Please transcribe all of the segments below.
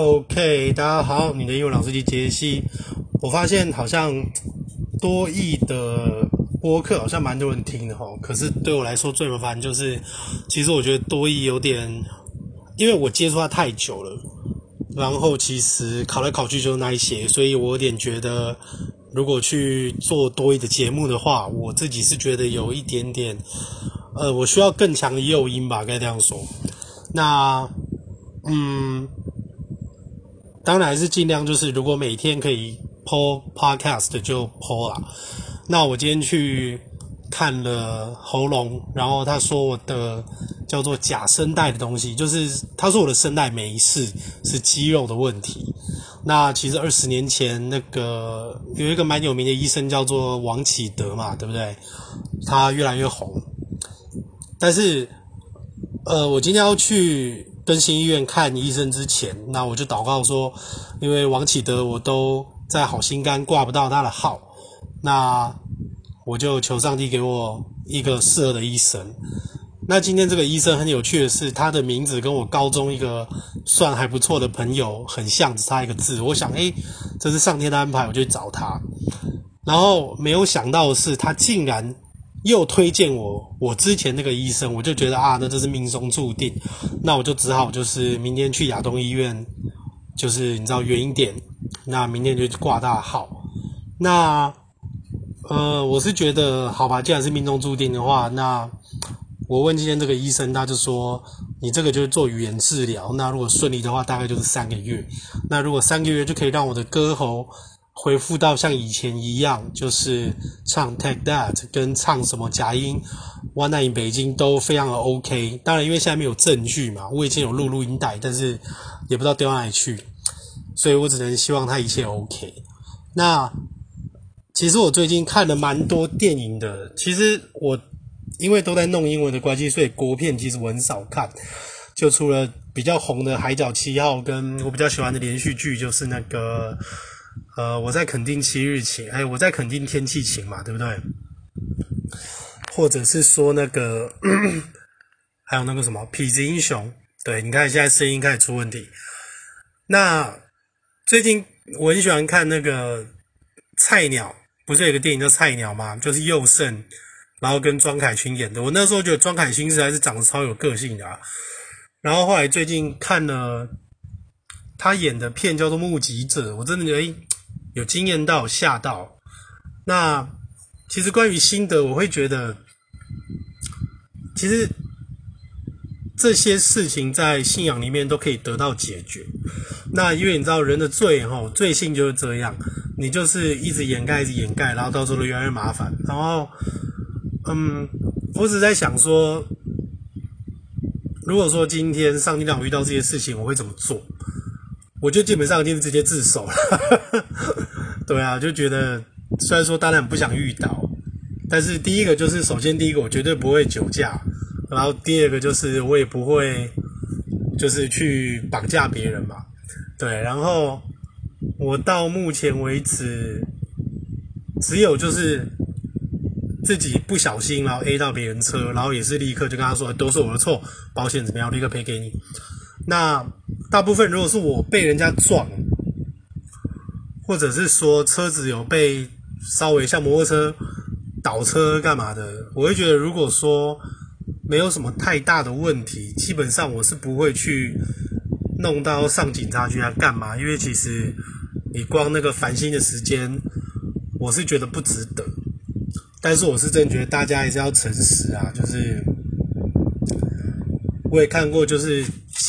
OK，大家好，你的英文老師是傑西。我發現好像多益的播客好像蠻多人聽的齁，可是對我來說最麻煩就是，其實我覺得多益有點，因為我接觸它太久了，然後其實考來考去就是那一些，所以我有點覺得，如果去做多益的節目的話，我自己是覺得有一點點，呃，我需要更強的誘因吧，該這樣說。那，嗯。當然還是盡量，就是如果每天可以 po podcast 就 po 了。那我今天去看了喉嚨，然後他說我的叫做假聲帶的東西，就是他說我的聲帶沒事，是肌肉的問題。那其實二十年前那個有一個蠻有名的醫生叫做王啟德嘛，對不對？他越來越紅，但是呃，我今天要去。更新醫院看醫生之前，那我就禱告說，因為王啟德我都在好心肝掛不到他的號，那我就求上帝給我一個適合的醫生。那今天這個醫生很有趣的是，他的名字跟我高中一個算還不錯的朋友很像，只差一個字。我想，誒、欸，這是上天的安排，我就去找他。然後沒有想到的是，他竟然。又推薦我，我之前那個醫生，我就覺得啊，那這是命中注定，那我就只好就是明天去亞東醫院，就是你知道遠一點，那明天就掛大號。那呃，我是覺得好吧，既然是命中注定的話，那我問今天這個醫生，他就說，你這個就是做語言治療，那如果順利的話，大概就是三個月。那如果三個月就可以讓我的歌喉。回復到像以前一樣，就是唱《Take That》跟唱什麼假音，《One Night in Beijing》，都非常的 OK。當然，因為現在沒有證據嘛，我已經有錄錄音帶，但是也不知道丟哪裡去，所以我只能希望他一切 OK。那其實我最近看了蠻多電影的。其實我因為都在弄英文的關係，所以國片其實我很少看，就除了比較紅的《海角七號》，跟我比較喜歡的連續劇就是那個。呃，我在肯定七日晴，哎，我在肯定天氣晴嘛，對不對？或者是說那個，咳咳還有那個什麼痞子英雄，對，你看現在聲音開始出問題。那最近我很喜歡看那個菜鳥，不是有個電影叫菜鳥嗎？就是右勝，然後跟莊凱勳演的。我那時候覺得莊凱勳是還是長得超有個性的啊。然後後來最近看了。他演的片叫做《目擊者》，我真的覺得，誒、欸、有驚豔到、嚇到。那其實關於心得，我會覺得，其實這些事情在信仰裡面都可以得到解決。那因為你知道人的罪吼，罪性就是這樣，你就是一直掩蓋、一直掩蓋，然後到時候越來越麻煩。然後，嗯，我只在想說，如果說今天上帝讓我遇到這些事情，我會怎麼做？我就基本上已經直接自首了， 對啊，就覺得雖然說當然不想遇到，但是第一個就是首先第一個我絕對不會酒駕，然後第二個就是我也不會就是去綁架別人嘛，對，然後我到目前為止只有就是自己不小心然後 A 到別人車，然後也是立刻就跟他說，哎，都是我的錯，保險怎麼樣立刻賠給你，那。大部分如果是我被人家撞，或者是說車子有被稍微像摩托車倒車幹嘛的，我會覺得如果說沒有什麼太大的問題，基本上我是不會去弄到上警察局來幹嘛，因為其實你光那個煩心的時間，我是覺得不值得。但是我是真覺得大家還是要誠實啊，就是我也看過就是。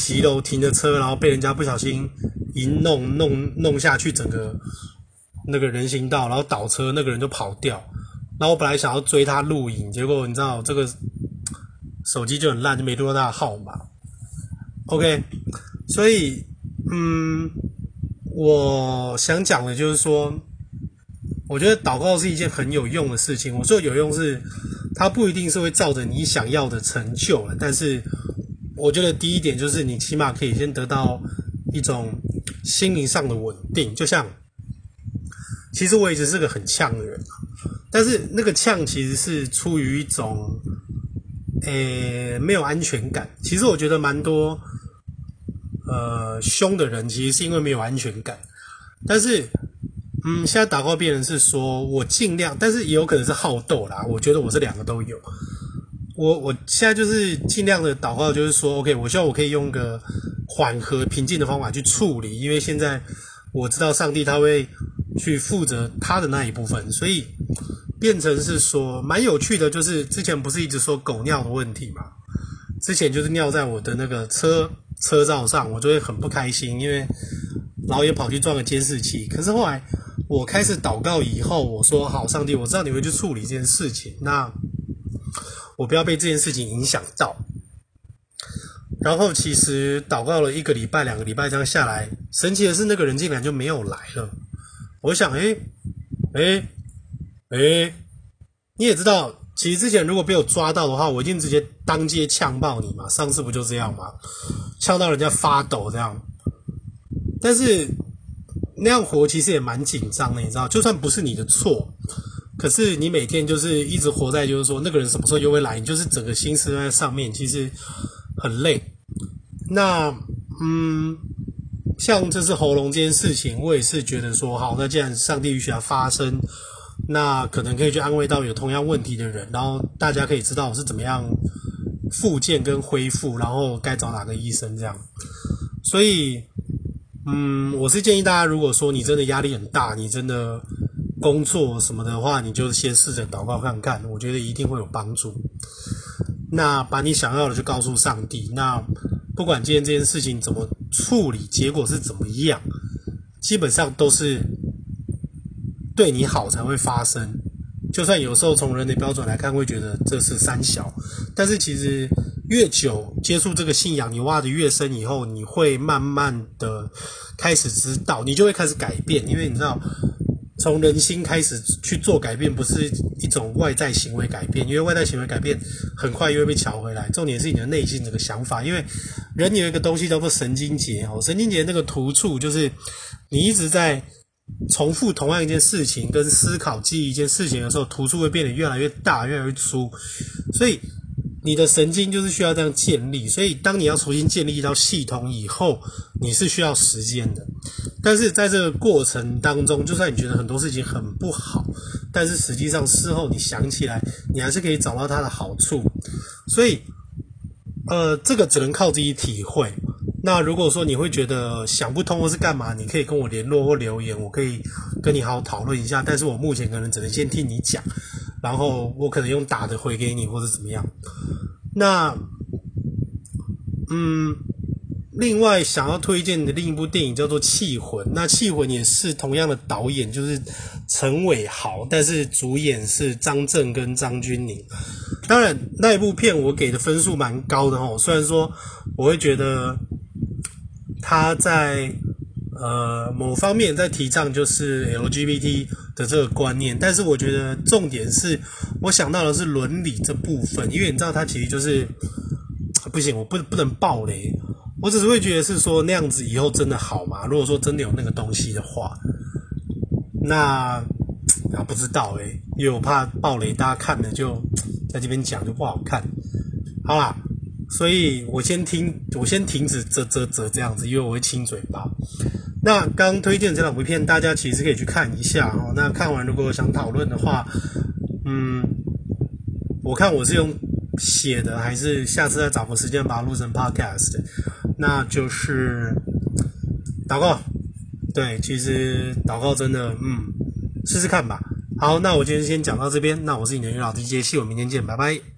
騎樓停着車，然後被人家不小心一弄，弄弄下去，整個那個人行道，然後倒車，那個人就跑掉。然後我本來想要追他錄影，結果你知道這個手機就很爛，就沒錄到他的號碼。OK，所以嗯，我想講的就是說，我覺得禱告是一件很有用的事情。我說有用是，它不一定是會照着你想要的成就，但是。我覺得第一點就是，你起碼可以先得到一種心靈上的穩定。就像，其實我一直是個很嗆的人，但是那個嗆其實是出於一種，呃、欸，沒有安全感。其實我覺得蠻多，呃，凶的人其實是因為沒有安全感。但是，嗯，現在打過別人是說我盡量，但是也有可能是好鬥啦。我覺得我這兩個都有。我我現在就是盡量的禱告，就是說，OK，我希望我可以用個緩和平靜的方法去處理，因為現在我知道上帝他會去負責他的那一部分，所以變成是說蠻有趣的，就是之前不是一直說狗尿的問題嘛，之前就是尿在我的那個車車罩上，我就會很不開心，因為然後也跑去撞個監視器，可是後來我開始禱告以後，我說好，上帝，我知道你會去處理這件事情，那。我不要被這件事情影響到，然後其實禱告了一個禮拜、兩個禮拜這樣下來，神奇的是那個人竟然就沒有來了。我想，誒誒誒，你也知道，其實之前如果被我抓到的話，我一定直接當街嗆爆你嘛。上次不就這樣嗎？嗆到人家發抖這樣。但是那樣活其實也蠻緊張的，你知道，就算不是你的錯。可是你每天就是一直活在就是說那個人什麼時候又會來，你就是整個心思都在上面，其實很累。那嗯，像這次喉嚨這件事情，我也是覺得說好，那既然上帝允許它發生，那可能可以去安慰到有同樣問題的人，然後大家可以知道我是怎麼樣復健跟恢復，然後該找哪個醫生這樣。所以嗯，我是建議大家，如果說你真的壓力很大，你真的。工作什麼的話，你就先試着禱告看看，我覺得一定會有幫助。那把你想要的就告訴上帝。那不管今天這件事情怎麼處理，結果是怎麼樣，基本上都是對你好才會發生。就算有時候從人的標準來看，會覺得這是三小，但是其實越久接觸這個信仰，你挖得越深以後，你會慢慢的開始知道，你就會開始改變，因為你知道。嗯從人心開始去做改變，不是一種外在行為改變，因為外在行為改變很快又會被搶回來。重點是你的內心這個想法，因為人有一個東西叫做神經節哦，神經節那個突觸就是你一直在重複同樣一件事情跟思考記憶一件事情的時候，突觸會變得越來越大，越來越粗，所以你的神經就是需要這樣建立。所以當你要重新建立一套系統以後，你是需要時間的。但是在這個過程當中，就算你覺得很多事情很不好，但是實際上事後你想起來，你還是可以找到它的好處。所以，呃，這個只能靠自己體會。那如果說你會覺得想不通或是幹嘛，你可以跟我聯絡或留言，我可以跟你好好討論一下。但是我目前可能只能先聽你講，然後我可能用打的回給你或者怎麼樣。那，嗯。另外想要推薦的另一部電影叫做《緝魂》，那《緝魂》也是同樣的導演，就是程偉豪，但是主演是張震跟張鈞甯。當然那一部片我給的分數蠻高的哦，雖然說我會覺得他在呃某方面在提倡就是 LGBT 的這個觀念，但是我覺得重點是我想到的是倫理這部分，因為你知道他其實就是不行，我不不能爆雷。我只是會覺得是說那樣子以後真的好嗎？如果說真的有那個東西的話，那啊不知道誒，因為我怕爆雷，大家看了就在這邊講就不好看。好啦，所以我先聽，我先停止折折折這樣子，因為我會親嘴巴。那剛推薦這兩部片，大家其實可以去看一下喔。那看完如果想討論的話，嗯，我看我是用寫的，還是下次再找個時間把它錄成 podcast。那就是，禱告。對，其實禱告真的，嗯，試試看吧。好，那我今天先講到這邊。那我是你的生活老師傑西，我們明天見，拜拜。